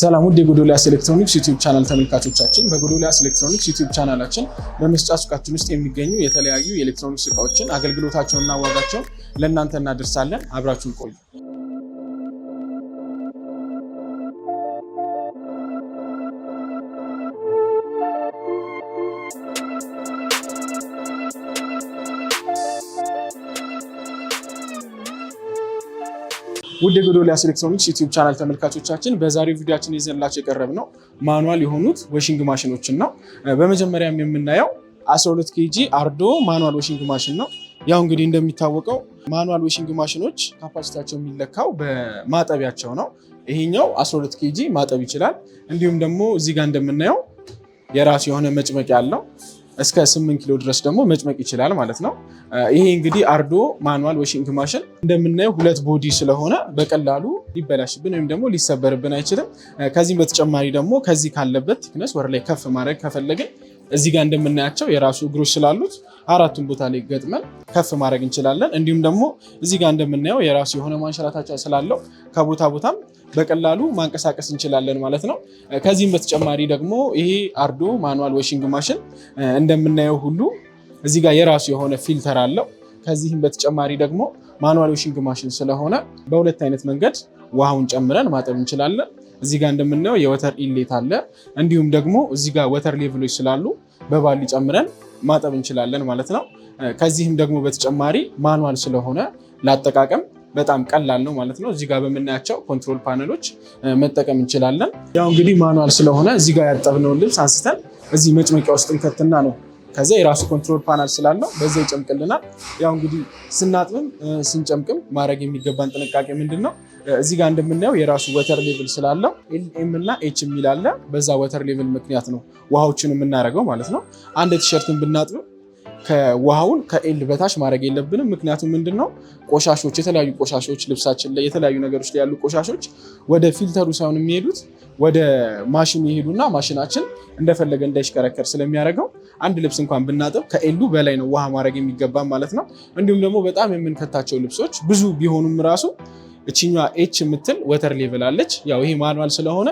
ሰላም ውድ የጎዶልያስ ኤሌክትሮኒክስ ዩቲዩብ ቻናል ተመልካቾቻችን፣ በጎዶልያስ ኤሌክትሮኒክስ ዩቲዩብ ቻናላችን በመስጫ ሱቃችን ውስጥ የሚገኙ የተለያዩ የኤሌክትሮኒክስ እቃዎችን አገልግሎታቸውንና ዋጋቸውን ለእናንተ እናደርሳለን። አብራችሁን ቆዩ። ውድ የጎዶልያስ ኤሌክትሮኒክስ ዩቲዩብ ቻናል ተመልካቾቻችን በዛሬው ቪዲዮችን ይዘንላቸው የቀረብ ነው ማኑዋል የሆኑት ወሽንግ ማሽኖችን ነው። በመጀመሪያም የምናየው 12 ኬጂ አርዶ ማኑዋል ወሽንግ ማሽን ነው። ያው እንግዲህ እንደሚታወቀው ማኑዋል ወሽንግ ማሽኖች ካፓሲቲያቸው የሚለካው በማጠቢያቸው ነው። ይሄኛው 12 ኬጂ ማጠብ ይችላል። እንዲሁም ደግሞ እዚህ ጋር እንደምናየው የራሱ የሆነ መጭመቂያ አለው። እስከ 8 ኪሎ ድረስ ደግሞ መጭመቅ ይችላል ማለት ነው። ይሄ እንግዲህ አርዶ ማኑዋል ወሽንግ ማሽን እንደምናየው ሁለት ቦዲ ስለሆነ በቀላሉ ሊበላሽብን ወይም ደግሞ ሊሰበርብን አይችልም። ከዚህም በተጨማሪ ደግሞ ከዚህ ካለበት ቲክነስ ወደ ላይ ከፍ ማድረግ ከፈለግን እዚህ ጋር እንደምናያቸው የራሱ እግሮች ስላሉት አራቱን ቦታ ላይ ገጥመን ከፍ ማድረግ እንችላለን። እንዲሁም ደግሞ እዚህ ጋር እንደምናየው የራሱ የሆነ ማንሸራታቻ ስላለው ከቦታ ቦታም በቀላሉ ማንቀሳቀስ እንችላለን ማለት ነው። ከዚህም በተጨማሪ ደግሞ ይሄ አርዶ ማኑዋል ወሽንግ ማሽን እንደምናየው ሁሉ እዚህ ጋር የራሱ የሆነ ፊልተር አለው። ከዚህም በተጨማሪ ደግሞ ማኑዋል ወሽንግ ማሽን ስለሆነ በሁለት አይነት መንገድ ውሃውን ጨምረን ማጠብ እንችላለን። እዚህ ጋር እንደምናየው የወተር ኢሌት አለ። እንዲሁም ደግሞ እዚህ ጋር ወተር ሌቭሎች ስላሉ በባሊ ጨምረን ማጠብ እንችላለን ማለት ነው። ከዚህም ደግሞ በተጨማሪ ማኑዋል ስለሆነ ለአጠቃቀም በጣም ቀላል ነው ማለት ነው። እዚህ ጋር በምናያቸው ኮንትሮል ፓነሎች መጠቀም እንችላለን። ያው እንግዲህ ማኑዋል ስለሆነ እዚህ ጋር ያጠብነውን ልብስ አንስተን እዚህ መጭመቂያ ውስጥ እንከትና ነው ከዚያ የራሱ ኮንትሮል ፓናል ስላለው በዛ ይጨምቅልናል። ያው እንግዲህ ስናጥብም ስንጨምቅም ማድረግ የሚገባን ጥንቃቄ ምንድን ነው? እዚህ ጋር እንደምናየው የራሱ ወተር ሌቭል ስላለው ኤልኤም እና ኤች የሚላለ በዛ ወተር ሌቭል ምክንያት ነው ውሃዎችን የምናደርገው ማለት ነው። አንድ ቲሸርትን ብናጥብም ከውሃውን ከኤል በታች ማድረግ የለብንም። ምክንያቱም ምንድን ነው ቆሻሾች፣ የተለያዩ ቆሻሾች ልብሳችን ላይ የተለያዩ ነገሮች ላይ ያሉ ቆሻሾች ወደ ፊልተሩ ሳይሆን የሚሄዱት ወደ ማሽን የሄዱና ማሽናችን እንደፈለገ እንዳይሽከረከር ስለሚያደርገው አንድ ልብስ እንኳን ብናጥብ ከኤሉ በላይ ነው ውሃ ማድረግ የሚገባ ማለት ነው። እንዲሁም ደግሞ በጣም የምንከታቸው ልብሶች ብዙ ቢሆኑም ራሱ እችኛ ኤች የምትል ወተር ሌቭል አለች። ያው ይሄ ማኑዋል ስለሆነ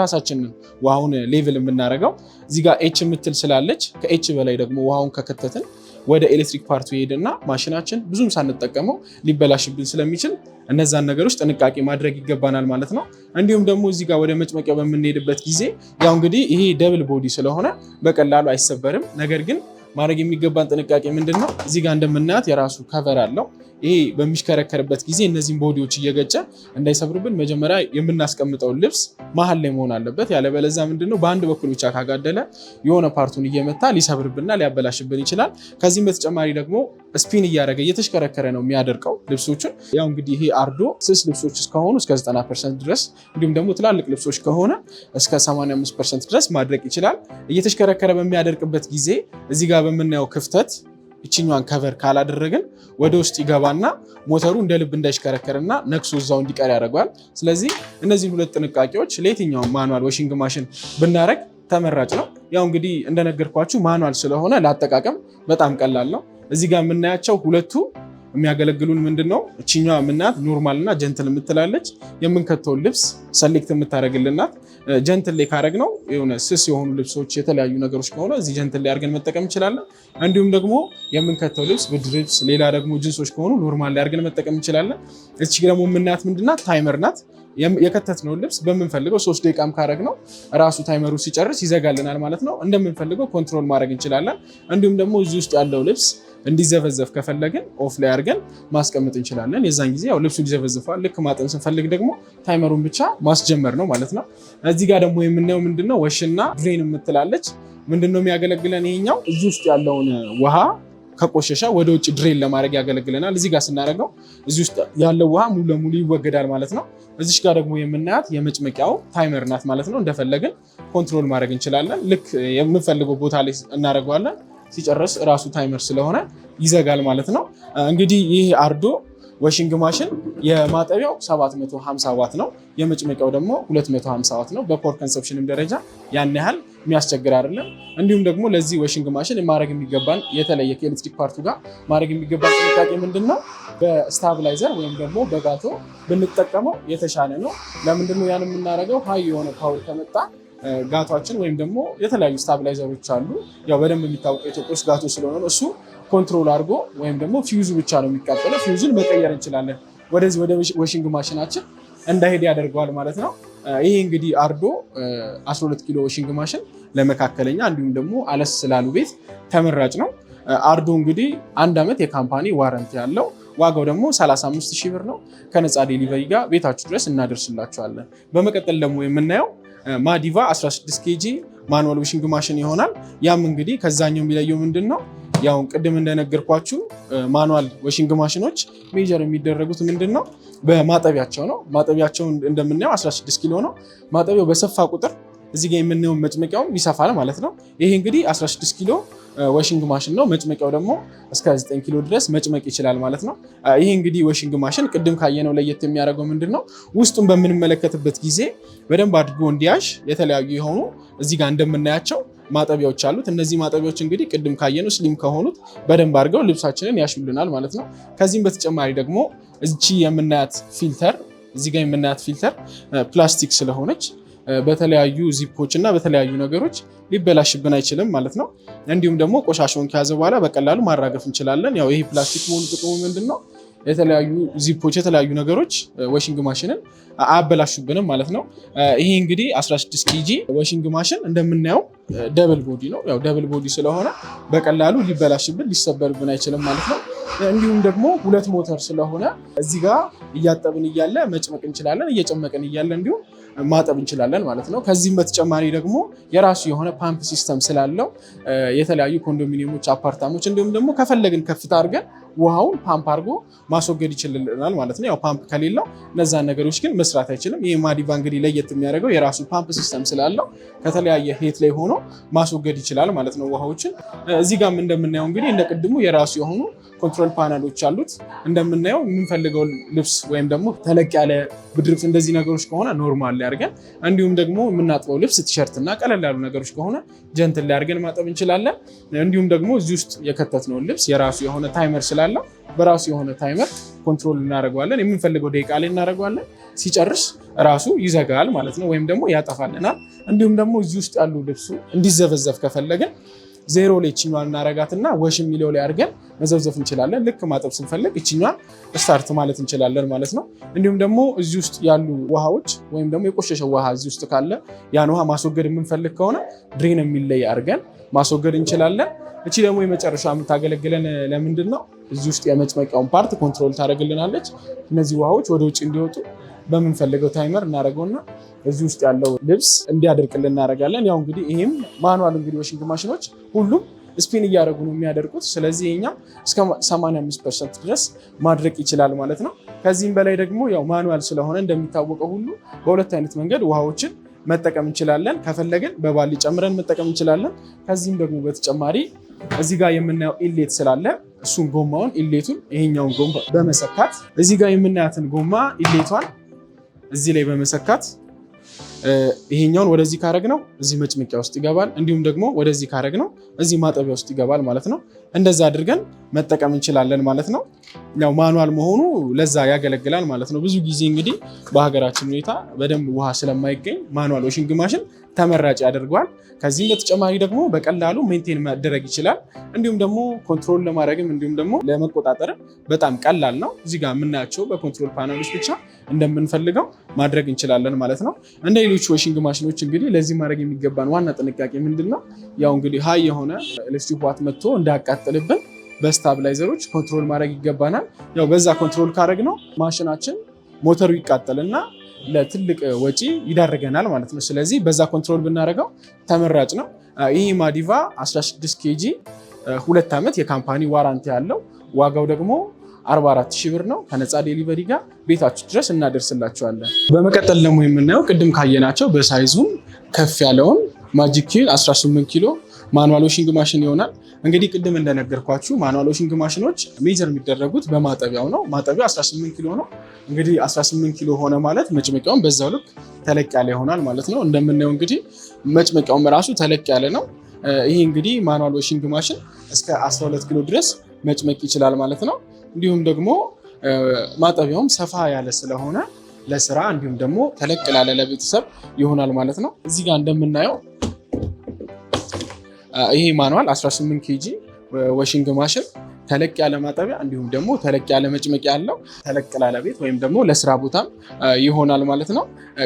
ራሳችን ውሃውን ሌቭል የምናደርገው እዚህ ጋር ኤች የምትል ስላለች ከኤች በላይ ደግሞ ውሃውን ከከተትን ወደ ኤሌክትሪክ ፓርቱ ይሄድና ማሽናችን ብዙም ሳንጠቀመው ሊበላሽብን ስለሚችል እነዛን ነገሮች ጥንቃቄ ማድረግ ይገባናል ማለት ነው። እንዲሁም ደግሞ እዚህ ጋር ወደ መጭመቂያ በምንሄድበት ጊዜ ያው እንግዲህ ይሄ ደብል ቦዲ ስለሆነ በቀላሉ አይሰበርም። ነገር ግን ማድረግ የሚገባን ጥንቃቄ ምንድን ነው? እዚህ ጋር እንደምናያት የራሱ ከቨር አለው ይሄ በሚሽከረከርበት ጊዜ እነዚህን ቦዲዎች እየገጨ እንዳይሰብርብን መጀመሪያ የምናስቀምጠው ልብስ መሀል ላይ መሆን አለበት። ያለበለዚያ ምንድነው በአንድ በኩል ብቻ ካጋደለ የሆነ ፓርቱን እየመታ ሊሰብርብንና ሊያበላሽብን ይችላል። ከዚህም በተጨማሪ ደግሞ ስፒን እያደረገ እየተሽከረከረ ነው የሚያደርቀው ልብሶችን። ያው እንግዲህ ይሄ አርዶ ስስ ልብሶች እስከሆኑ እስከ 90 ፐርሰንት ድረስ እንዲሁም ደግሞ ትላልቅ ልብሶች ከሆነ እስከ 85 ፐርሰንት ድረስ ማድረቅ ይችላል። እየተሽከረከረ በሚያደርቅበት ጊዜ እዚህ ጋር በምናየው ክፍተት እችኛዋን ከቨር ካላደረግን ወደ ውስጥ ይገባና ሞተሩ እንደ ልብ እንዳይሽከረከርና ነክሶ እዛው እንዲቀር ያደርገዋል። ስለዚህ እነዚህን ሁለት ጥንቃቄዎች ለየትኛውም ማኑዋል ወሽንግ ማሽን ብናደረግ ተመራጭ ነው። ያው እንግዲህ እንደነገርኳችሁ ማኑዋል ስለሆነ ለአጠቃቀም በጣም ቀላል ነው። እዚህ ጋር የምናያቸው ሁለቱ የሚያገለግሉን ምንድን ነው? እችኛ ምናት ኖርማል እና ጀንትል የምትላለች የምንከተውን ልብስ ሰሌክት የምታደረግልናት ጀንትል ላይ ካረግ ነው የሆነ ስስ የሆኑ ልብሶች የተለያዩ ነገሮች ከሆነ እዚህ ጀንትል ላይ አድርገን መጠቀም እንችላለን። እንዲሁም ደግሞ የምንከተው ልብስ ብድ ልብስ፣ ሌላ ደግሞ ጅንሶች ከሆኑ ኖርማል ላይ አድርገን መጠቀም እንችላለን። እዚህ ደግሞ ምናት ምንድናት? ታይመር ናት። የከተትነውን ልብስ በምንፈልገው ሶስት ደቂቃም ካረግ ነው ራሱ ታይመሩ ሲጨርስ ይዘጋልናል ማለት ነው። እንደምንፈልገው ኮንትሮል ማድረግ እንችላለን። እንዲሁም ደግሞ እዚህ ውስጥ ያለው ልብስ እንዲዘፈዘፍ ከፈለግን ኦፍ ላይ አድርገን ማስቀመጥ እንችላለን። የዛን ጊዜ ያው ልብሱ ሊዘፈዝፈዋል። ልክ ማጠን ስንፈልግ ደግሞ ታይመሩን ብቻ ማስጀመር ነው ማለት ነው። እዚህ ጋር ደግሞ የምናየው ምንድነው ወሽና ድሬን የምትላለች። ምንድነው የሚያገለግለን ይሄኛው እዚህ ውስጥ ያለውን ውሃ ከቆሸሻ ወደ ውጭ ድሬን ለማድረግ ያገለግለናል። እዚህ ጋር ስናደርገው እዚህ ውስጥ ያለው ውሃ ሙሉ ለሙሉ ይወገዳል ማለት ነው። እዚሽ ጋር ደግሞ የምናያት የመጭመቂያው ታይመር ናት ማለት ነው። እንደፈለግን ኮንትሮል ማድረግ እንችላለን። ልክ የምንፈልገው ቦታ ላይ እናደርገዋለን። ሲጨርስ ራሱ ታይመር ስለሆነ ይዘጋል ማለት ነው። እንግዲህ ይህ አርዶ ወሽንግ ማሽን የማጠቢያው 750 ዋት ነው። የመጭመቂያው ደግሞ 250 ዋት ነው። በፖር ኮንሰፕሽንም ደረጃ ያን ያህል የሚያስቸግር አይደለም። እንዲሁም ደግሞ ለዚህ ወሽንግ ማሽን ማድረግ የሚገባን የተለየ ከኤሌክትሪክ ፓርቱ ጋር ማድረግ የሚገባን ጥንቃቄ ምንድን ነው? በስታብላይዘር ወይም ደግሞ በጋቶ ብንጠቀመው የተሻለ ነው። ለምንድነው ያን የምናደርገው? ሀይ የሆነ ፓወር ከመጣ ጋቷችን ወይም ደግሞ የተለያዩ ስታብላይዘሮች አሉ። ያው በደንብ የሚታወቀው ኢትዮጵያ ውስጥ ጋቶ ስለሆነ እሱ ኮንትሮል አድርጎ ወይም ደግሞ ፊውዙ ብቻ ነው የሚቃጠለው። ፊውዙን መቀየር እንችላለን። ወደዚህ ወደ ወሽንግ ማሽናችን እንዳይሄድ ያደርገዋል ማለት ነው። ይሄ እንግዲህ አርዶ 12 ኪሎ ወሽንግ ማሽን ለመካከለኛ እንዲሁም ደግሞ አለስ ስላሉ ቤት ተመራጭ ነው። አርዶ እንግዲህ አንድ ዓመት የካምፓኒ ዋረንት ያለው ዋጋው ደግሞ 35 ሺህ ብር ነው። ከነፃ ዴሊቨሪ ጋር ቤታችሁ ድረስ እናደርስላችኋለን። በመቀጠል ደግሞ የምናየው ማዲቫ 16 ኬጂ ማኑዋል ዊሽንግ ማሽን ይሆናል። ያም እንግዲህ ከዛኛው የሚለየው ምንድን ነው? ያው ቅድም እንደነገርኳችሁ ማኑዋል ወሽንግ ማሽኖች ሜጀር የሚደረጉት ምንድን ነው? በማጠቢያቸው ነው። ማጠቢያቸው እንደምናየው 16 ኪሎ ነው። ማጠቢያው በሰፋ ቁጥር እዚህ ጋር የምናየው መጭመቂያውም ይሰፋል ማለት ነው። ይሄ እንግዲህ 16 ኪሎ ወሽንግ ማሽን ነው። መጭመቂያው ደግሞ እስከ 9 ኪሎ ድረስ መጭመቅ ይችላል ማለት ነው። ይሄ እንግዲህ ወሽንግ ማሽን ቅድም ካየነው ለየት የሚያደርገው ምንድን ነው? ውስጡን በምንመለከትበት ጊዜ በደንብ አድርጎ እንዲያሽ የተለያዩ የሆኑ እዚህ ጋር እንደምናያቸው ማጠቢያዎች አሉት። እነዚህ ማጠቢያዎች እንግዲህ ቅድም ካየነው ስሊም ከሆኑት በደንብ አድርገው ልብሳችንን ያሽሉናል ማለት ነው። ከዚህም በተጨማሪ ደግሞ እቺ የምናያት ፊልተር እዚህ ጋር የምናያት ፊልተር ፕላስቲክ ስለሆነች በተለያዩ ዚፖች እና በተለያዩ ነገሮች ሊበላሽብን አይችልም ማለት ነው። እንዲሁም ደግሞ ቆሻሻውን ከያዘ በኋላ በቀላሉ ማራገፍ እንችላለን። ያው ይሄ ፕላስቲክ መሆኑ ጥቅሙ ምንድን ነው? የተለያዩ ዚፖች፣ የተለያዩ ነገሮች ወሽንግ ማሽንን አያበላሹብንም ማለት ነው። ይሄ እንግዲህ 16 ኬጂ ወሽንግ ማሽን እንደምናየው ደብል ቦዲ ነው። ያው ደብል ቦዲ ስለሆነ በቀላሉ ሊበላሽብን፣ ሊሰበርብን አይችልም ማለት ነው። እንዲሁም ደግሞ ሁለት ሞተር ስለሆነ እዚህ ጋር እያጠብን እያለ መጭመቅ እንችላለን፣ እየጨመቅን እያለ እንዲሁም ማጠብ እንችላለን ማለት ነው። ከዚህም በተጨማሪ ደግሞ የራሱ የሆነ ፓምፕ ሲስተም ስላለው የተለያዩ ኮንዶሚኒየሞች፣ አፓርታሞች እንዲሁም ደግሞ ከፈለግን ከፍታ አድርገን ውሃውን ፓምፕ አድርጎ ማስወገድ ይችልልናል ማለት ነው። ያው ፓምፕ ከሌለው እነዛን ነገሮች ግን መስራት አይችልም። ይህ ማዲቫ እንግዲህ ለየት የሚያደርገው የራሱ ፓምፕ ሲስተም ስላለው ከተለያየ ሄት ላይ ሆኖ ማስወገድ ይችላል ማለት ነው ውሃዎችን። እዚህ ጋም እንደምናየው እንግዲህ እንደ ቅድሙ የራሱ የሆኑ ኮንትሮል ፓናሎች አሉት። እንደምናየው የምንፈልገው ልብስ ወይም ደግሞ ተለቅ ያለ ብርድ እንደዚህ ነገሮች ከሆነ ኖርማል ላይ እንዲሁም ደግሞ የምናጥበው ልብስ ቲሸርት እና ቀለል ያሉ ነገሮች ከሆነ ጀንትን ላይ ማጠብ እንችላለን። እንዲሁም ደግሞ እዚህ ውስጥ የከተትነውን ልብስ የራሱ የሆነ ታይመር ስላለው በራሱ የሆነ ታይመር ኮንትሮል እናደርገዋለን። የምንፈልገው ደቂቃ ላይ እናደርገዋለን። ሲጨርስ ራሱ ይዘጋል ማለት ነው፣ ወይም ደግሞ ያጠፋልናል። እንዲሁም ደግሞ እዚህ ውስጥ ያሉ ልብሱ እንዲዘበዘብ ከፈለግን ዜሮ ላይ እችኛዋን እናረጋትና ወሽ የሚለው ላይ አድርገን መዘብዘፍ እንችላለን። ልክ ማጠብ ስንፈልግ እችኛዋን ስታርት ማለት እንችላለን ማለት ነው። እንዲሁም ደግሞ እዚህ ውስጥ ያሉ ውሃዎች ወይም ደግሞ የቆሸሸ ውሃ እዚህ ውስጥ ካለ ያን ውሃ ማስወገድ የምንፈልግ ከሆነ ድሬን የሚለይ አድርገን ማስወገድ እንችላለን። እቺ ደግሞ የመጨረሻ የምታገለግለን ለምንድን ነው? እዚህ ውስጥ የመጭመቂያውን ፓርት ኮንትሮል ታደርግልናለች። እነዚህ ውሃዎች ወደ ውጭ እንዲወጡ በምንፈልገው ታይመር እናደርገውና እዚህ ውስጥ ያለው ልብስ እንዲያደርቅልን እናደርጋለን። ያው እንግዲህ ይህም ማኑዋል እንግዲህ ወሽንግ ማሽኖች ሁሉም ስፒን እያደረጉ ነው የሚያደርጉት። ስለዚህ ይሄኛው እስከ 85 ፐርሰንት ድረስ ማድረቅ ይችላል ማለት ነው። ከዚህም በላይ ደግሞ ያው ማኑዋል ስለሆነ እንደሚታወቀው ሁሉ በሁለት አይነት መንገድ ውሃዎችን መጠቀም እንችላለን። ከፈለግን በባሊ ጨምረን መጠቀም እንችላለን። ከዚህም ደግሞ በተጨማሪ እዚህ ጋር የምናየው ኢሌት ስላለ እሱን ጎማውን ኢሌቱን ይሄኛውን ጎማ በመሰካት እዚህ ጋር የምናያትን ጎማ ኢሌቷን እዚህ ላይ በመሰካት ይሄኛውን ወደዚህ ካረግ ነው እዚህ መጭመቂያ ውስጥ ይገባል። እንዲሁም ደግሞ ወደዚህ ካረግ ነው እዚህ ማጠቢያ ውስጥ ይገባል ማለት ነው። እንደዛ አድርገን መጠቀም እንችላለን ማለት ነው። ያው ማኑዋል መሆኑ ለዛ ያገለግላል ማለት ነው። ብዙ ጊዜ እንግዲህ በሀገራችን ሁኔታ በደንብ ውሃ ስለማይገኝ ማኑዋል ወሽንግ ማሽን ተመራጭ ያደርገዋል። ከዚህም በተጨማሪ ደግሞ በቀላሉ ሜንቴን መደረግ ይችላል። እንዲሁም ደግሞ ኮንትሮል ለማድረግም እንዲሁም ደግሞ ለመቆጣጠርም በጣም ቀላል ነው። እዚህ ጋር የምናያቸው በኮንትሮል ፓናሎች ብቻ እንደምንፈልገው ማድረግ እንችላለን ማለት ነው። እንደ ሌሎች ዋሽንግ ማሽኖች እንግዲህ ለዚህ ማድረግ የሚገባን ዋና ጥንቃቄ ምንድን ነው? ያው እንግዲህ ሀይ የሆነ ኤሌክትሪክ ዋት መጥቶ እንዳያቃጥልብን በስታብላይዘሮች ኮንትሮል ማድረግ ይገባናል። ያው በዛ ኮንትሮል ካደረግ ነው ማሽናችን ሞተሩ ይቃጠልና ለትልቅ ወጪ ይዳርገናል ማለት ነው። ስለዚህ በዛ ኮንትሮል ብናደርገው ተመራጭ ነው። ይህ ማዲቫ 16 ኬጂ ሁለት ዓመት የካምፓኒ ዋራንቲ ያለው ዋጋው ደግሞ 44 ሺህ ብር ነው ከነፃ ዴሊቨሪ ጋር ቤታችሁ ድረስ እናደርስላችኋለን። በመቀጠል ደግሞ የምናየው ቅድም ካየናቸው በሳይዙም ከፍ ያለውን ማጂክ ኪል 18 ኪሎ ማኑዋል ዎሺንግ ማሽን ይሆናል። እንግዲህ ቅድም እንደነገርኳችሁ ማኑዋል ዎሺንግ ማሽኖች ሜጀር የሚደረጉት በማጠቢያው ነው። ማጠቢያው 18 ኪሎ ነው። እንግዲህ 18 ኪሎ ሆነ ማለት መጭመቂያውን በዛው ልክ ተለቅ ያለ ይሆናል ማለት ነው። እንደምናየው እንግዲህ መጭመቂያውም ራሱ ተለቅ ያለ ነው። ይሄ እንግዲህ ማኑዋል ዎሺንግ ማሽን እስከ 12 ኪሎ ድረስ መጭመቅ ይችላል ማለት ነው። እንዲሁም ደግሞ ማጠቢያውም ሰፋ ያለ ስለሆነ ለስራ እንዲሁም ደግሞ ተለቅ ላለ ለቤተሰብ ይሆናል ማለት ነው። እዚህ ጋር እንደምናየው ይሄ ማንዋል 18 ኬጂ ወሽንግ ማሽን ተለቅ ያለ ማጠቢያ እንዲሁም ደግሞ ተለቅ ያለ መጭመቂያ ያለው ተለቅ ላለ ቤት ወይም ደግሞ ለስራ ቦታም ይሆናል ማለት ነው።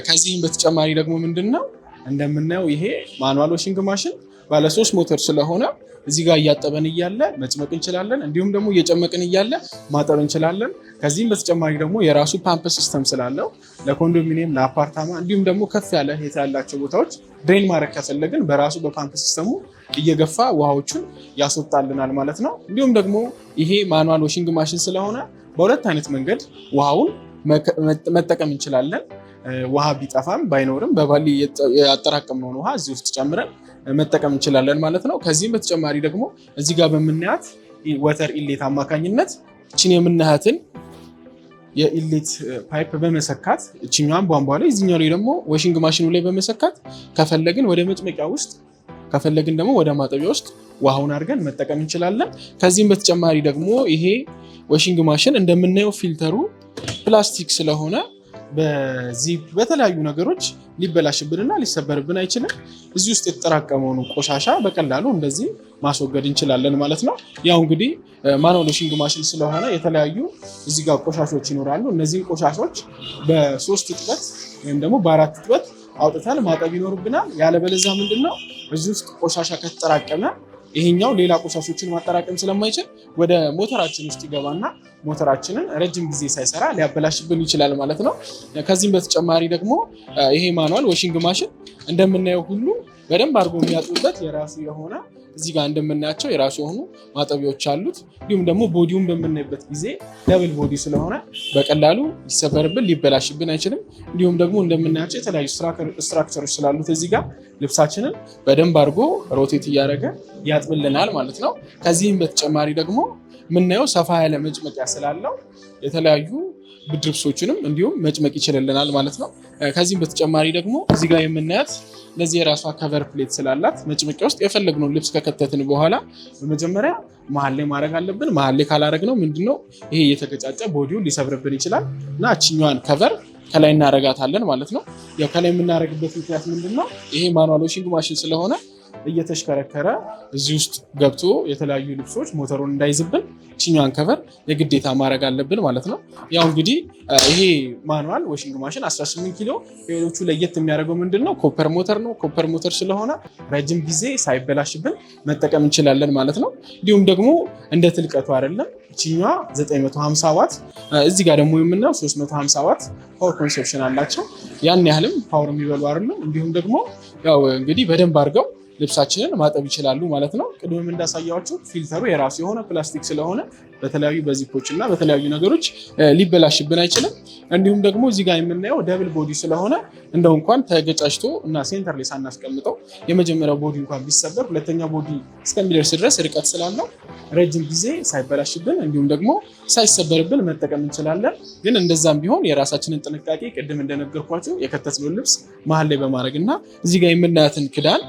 ከዚህም በተጨማሪ ደግሞ ምንድን ነው እንደምናየው ይሄ ማንዋል ወሽንግ ማሽን ባለሶስት ሞተር ስለሆነ እዚህ ጋር እያጠበን እያለ መጭመቅ እንችላለን። እንዲሁም ደግሞ እየጨመቅን እያለ ማጠብ እንችላለን። ከዚህም በተጨማሪ ደግሞ የራሱ ፓምፕ ሲስተም ስላለው ለኮንዶሚኒየም፣ ለአፓርታማ እንዲሁም ደግሞ ከፍ ያለ ሄት ያላቸው ቦታዎች ድሬን ማድረግ ከፈለግን በራሱ በፓምፕ ሲስተሙ እየገፋ ውሃዎቹን ያስወጣልናል ማለት ነው። እንዲሁም ደግሞ ይሄ ማኑዋል ዋሽንግ ማሽን ስለሆነ በሁለት አይነት መንገድ ውሃውን መጠቀም እንችላለን። ውሃ ቢጠፋም ባይኖርም በባሊ ያጠራቀምነውን ውሃ እዚህ ውስጥ ጨምረን መጠቀም እንችላለን ማለት ነው። ከዚህም በተጨማሪ ደግሞ እዚህ ጋር በምናያት ወተር ኢሌት አማካኝነት እችን የምናያትን የኢሌት ፓይፕ በመሰካት እችኛዋን ቧንቧ ላይ እዚኛው ላይ ደግሞ ወሽንግ ማሽኑ ላይ በመሰካት ከፈለግን ወደ መጥመቂያ ውስጥ ከፈለግን ደግሞ ወደ ማጠቢያ ውስጥ ውሃውን አድርገን መጠቀም እንችላለን። ከዚህም በተጨማሪ ደግሞ ይሄ ወሽንግ ማሽን እንደምናየው ፊልተሩ ፕላስቲክ ስለሆነ በዚህ በተለያዩ ነገሮች ሊበላሽብንና ሊሰበርብን አይችልም። እዚህ ውስጥ የተጠራቀመውን ቆሻሻ በቀላሉ እንደዚህ ማስወገድ እንችላለን ማለት ነው። ያው እንግዲህ ማኖሎሽንግ ማሽን ስለሆነ የተለያዩ እዚህ ጋር ቆሻሾች ይኖራሉ። እነዚህን ቆሻሾች በሶስት እጥበት ወይም ደግሞ በአራት እጥበት አውጥተን ማጠብ ይኖርብናል። ያለበለዚያ ምንድን ነው እዚህ ውስጥ ቆሻሻ ከተጠራቀመ ይሄኛው ሌላ ቆሻሾችን ማጠራቀም ስለማይችል ወደ ሞተራችን ውስጥ ይገባና ሞተራችንን ረጅም ጊዜ ሳይሰራ ሊያበላሽብን ይችላል ማለት ነው። ከዚህም በተጨማሪ ደግሞ ይሄ ማኑዋል ዋሽንግ ማሽን እንደምናየው ሁሉ በደንብ አድርጎ የሚያጥቡበት የራሱ የሆነ እዚህ ጋር እንደምናያቸው የራሱ የሆኑ ማጠቢያዎች አሉት። እንዲሁም ደግሞ ቦዲውን በምናይበት ጊዜ ደብል ቦዲ ስለሆነ በቀላሉ ሊሰበርብን ሊበላሽብን አይችልም። እንዲሁም ደግሞ እንደምናያቸው የተለያዩ ስትራክቸሮች ስላሉት እዚህ ጋር ልብሳችንን በደንብ አድርጎ ሮቴት እያደረገ ያጥብልናል ማለት ነው። ከዚህም በተጨማሪ ደግሞ የምናየው ሰፋ ያለ መጭመቂያ ስላለው የተለያዩ ድርብሶችንም እንዲሁም መጭመቅ ይችልልናል ማለት ነው። ከዚህም በተጨማሪ ደግሞ እዚህ ጋር የምናያት ለዚህ የራሷ ከቨር ፕሌት ስላላት መጭመቂያ ውስጥ የፈለግነውን ልብስ ከከተትን በኋላ በመጀመሪያ መሀል ላይ ማድረግ አለብን። መሀል ላይ ካላረግነው ምንድነው ይሄ እየተገጫጨ ቦዲው ሊሰብርብን ይችላል እና እችኛዋን ከቨር ከላይ እናረጋታለን ማለት ነው። ያው ከላይ የምናደርግበት ምክንያት ምንድነው ይሄ ማኑዋል ዋሺንግ ማሽን ስለሆነ እየተሽከረከረ እዚህ ውስጥ ገብቶ የተለያዩ ልብሶች ሞተሩን እንዳይዝብን ችኛዋን ከቨር የግዴታ ማድረግ አለብን ማለት ነው። ያው እንግዲህ ይሄ ማኑዋል ዋሽንግ ማሽን 18 ኪሎ ሌሎቹ ለየት የሚያደርገው ምንድን ነው? ኮፐር ሞተር ነው። ኮፐር ሞተር ስለሆነ ረጅም ጊዜ ሳይበላሽብን መጠቀም እንችላለን ማለት ነው። እንዲሁም ደግሞ እንደ ትልቀቱ አይደለም። ችኛዋ 950 ዋት፣ እዚህ ጋር ደግሞ የምናየው 350 ዋት ፓወር ኮንሰፕሽን አላቸው። ያን ያህልም ፓወር የሚበሉ አይደሉም። እንዲሁም ደግሞ ያው እንግዲህ በደንብ አድርገው ልብሳችንን ማጠብ ይችላሉ ማለት ነው። ቅድምም እንዳሳያችሁ ፊልተሩ የራሱ የሆነ ፕላስቲክ ስለሆነ በተለያዩ በዚፖች እና በተለያዩ ነገሮች ሊበላሽብን አይችልም። እንዲሁም ደግሞ እዚህ ጋር የምናየው ደብል ቦዲ ስለሆነ እንደው እንኳን ተገጫጭቶ እና ሴንተር ላይ ሳናስቀምጠው የመጀመሪያው ቦዲ እንኳን ቢሰበር ሁለተኛ ቦዲ እስከሚደርስ ድረስ ርቀት ስላለው ረጅም ጊዜ ሳይበላሽብን እንዲሁም ደግሞ ሳይሰበርብን መጠቀም እንችላለን። ግን እንደዛም ቢሆን የራሳችንን ጥንቃቄ ቅድም እንደነገርኳቸው የከተትነውን ልብስ መሀል ላይ በማድረግ እና እዚህ ጋር የምናያትን ክዳን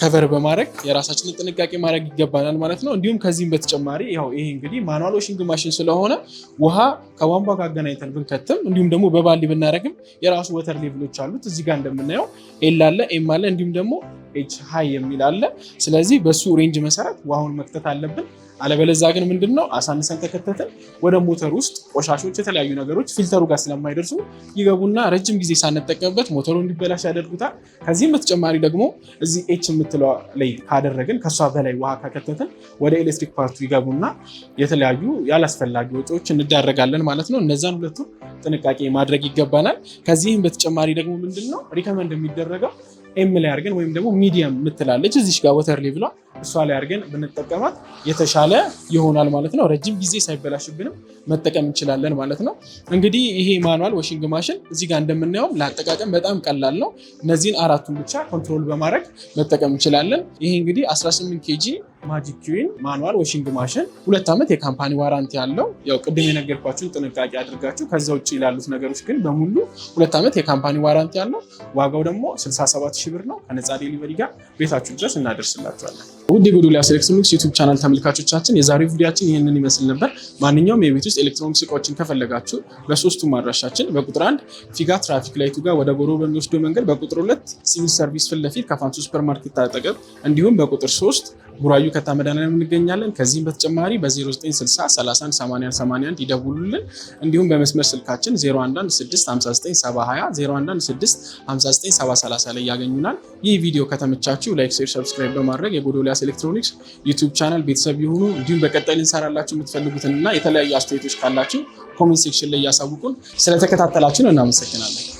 ከቨር በማድረግ የራሳችንን ጥንቃቄ ማድረግ ይገባናል ማለት ነው። እንዲሁም ከዚህም በተጨማሪ ያው ይሄ እንግዲህ ማኑዋል ዋሽንግ ማሽን ስለሆነ ውሃ ከቧንቧ ጋር አገናኝተን ብንከትም እንዲሁም ደግሞ በባሊ ብናደረግም የራሱ ወተር ሌቭሎች አሉት። እዚህ ጋር እንደምናየው ኤል አለ፣ ኤም አለ እንዲሁም ደግሞ ኤች ሃይ የሚል አለ። ስለዚህ በሱ ሬንጅ መሰረት ውሃውን መክተት አለብን። አለበለዚያ ግን ምንድን ነው አሳንሰን ከከተትን ወደ ሞተር ውስጥ ቆሻሾች፣ የተለያዩ ነገሮች ፊልተሩ ጋር ስለማይደርሱ ይገቡና ረጅም ጊዜ ሳንጠቀምበት ሞተሩ እንዲበላሽ ያደርጉታል። ከዚህም በተጨማሪ ደግሞ እዚህ ኤች የምትለው ላይ ካደረግን ከእሷ በላይ ውሃ ከከተትን ወደ ኤሌክትሪክ ፓርቱ ይገቡና የተለያዩ ያላስፈላጊ ወጪዎች እንዳረጋለን ማለት ነው። እነዛን ሁለቱ ጥንቃቄ ማድረግ ይገባናል። ከዚህም በተጨማሪ ደግሞ ምንድን ነው ሪከመንድ የሚደረገው ኤም ላይ አድርገን ወይም ደግሞ ሚዲየም የምትላለች እዚሽ ጋር ወተር ሌቭሏ እሷ ላይ አድርገን ብንጠቀማት የተሻለ ይሆናል ማለት ነው። ረጅም ጊዜ ሳይበላሽብንም መጠቀም እንችላለን ማለት ነው። እንግዲህ ይሄ ማኑዋል ወሽንግ ማሽን እዚህ ጋር እንደምናየው ለአጠቃቀም በጣም ቀላል ነው። እነዚህን አራቱን ብቻ ኮንትሮል በማድረግ መጠቀም እንችላለን። ይሄ እንግዲህ 18 ኬጂ ማጂክ ኪዊን ማኑዋል ወሽንግ ማሽን ሁለት ዓመት የካምፓኒ ዋራንቲ ያለው ያው ቅድም የነገርኳችሁን ጥንቃቄ አድርጋችሁ ከዛ ውጭ ላሉት ነገሮች ግን በሙሉ ሁለት ዓመት የካምፓኒ ዋራንቲ ያለው ዋጋው ደግሞ 67 ሺህ ብር ነው። ከነፃ ዴሊቨሪ ጋር ቤታችሁ ድረስ እናደርስላችኋለን። ውድ የጎዶልያስ ኤሌክትሮኒክስ ዩቱብ ቻናል ተመልካቾቻችን የዛሬው ቪዲያችን ይህንን ይመስል ነበር። ማንኛውም የቤት ውስጥ ኤሌክትሮኒክስ እቃዎችን ከፈለጋችሁ በሶስቱ አድራሻችን በቁጥር አንድ ፊጋ ትራፊክ ላይቱ ጋር ወደ ጎሮ በሚወስደው መንገድ፣ በቁጥር ሁለት ሲቪል ሰርቪስ ፊት ለፊት ከፋንቱ ሱፐርማርኬት አጠገብ እንዲሁም በቁጥር ሶስት ቡራዩ ከታመዳና እንገኛለን። ከዚህም በተጨማሪ በ0960 ይደውሉልን። እንዲሁም በመስመር ስልካችን 0116597020 0116597030 ላይ ያገኙናል። ይህ ቪዲዮ ከተመቻችሁ ላይክ፣ ሼር፣ ሰብስክራይብ በማድረግ የጎዶልያስ ኤሌክትሮኒክስ ዩቲዩብ ቻናል ቤተሰብ ይሁኑ። እንዲሁም በቀጣይ ልንሰራላችሁ የምትፈልጉትንና የተለያዩ አስተያየቶች ካላችሁ ኮሜንት ሴክሽን ላይ እያሳውቁን። ስለተከታተላችሁን እናመሰግናለን።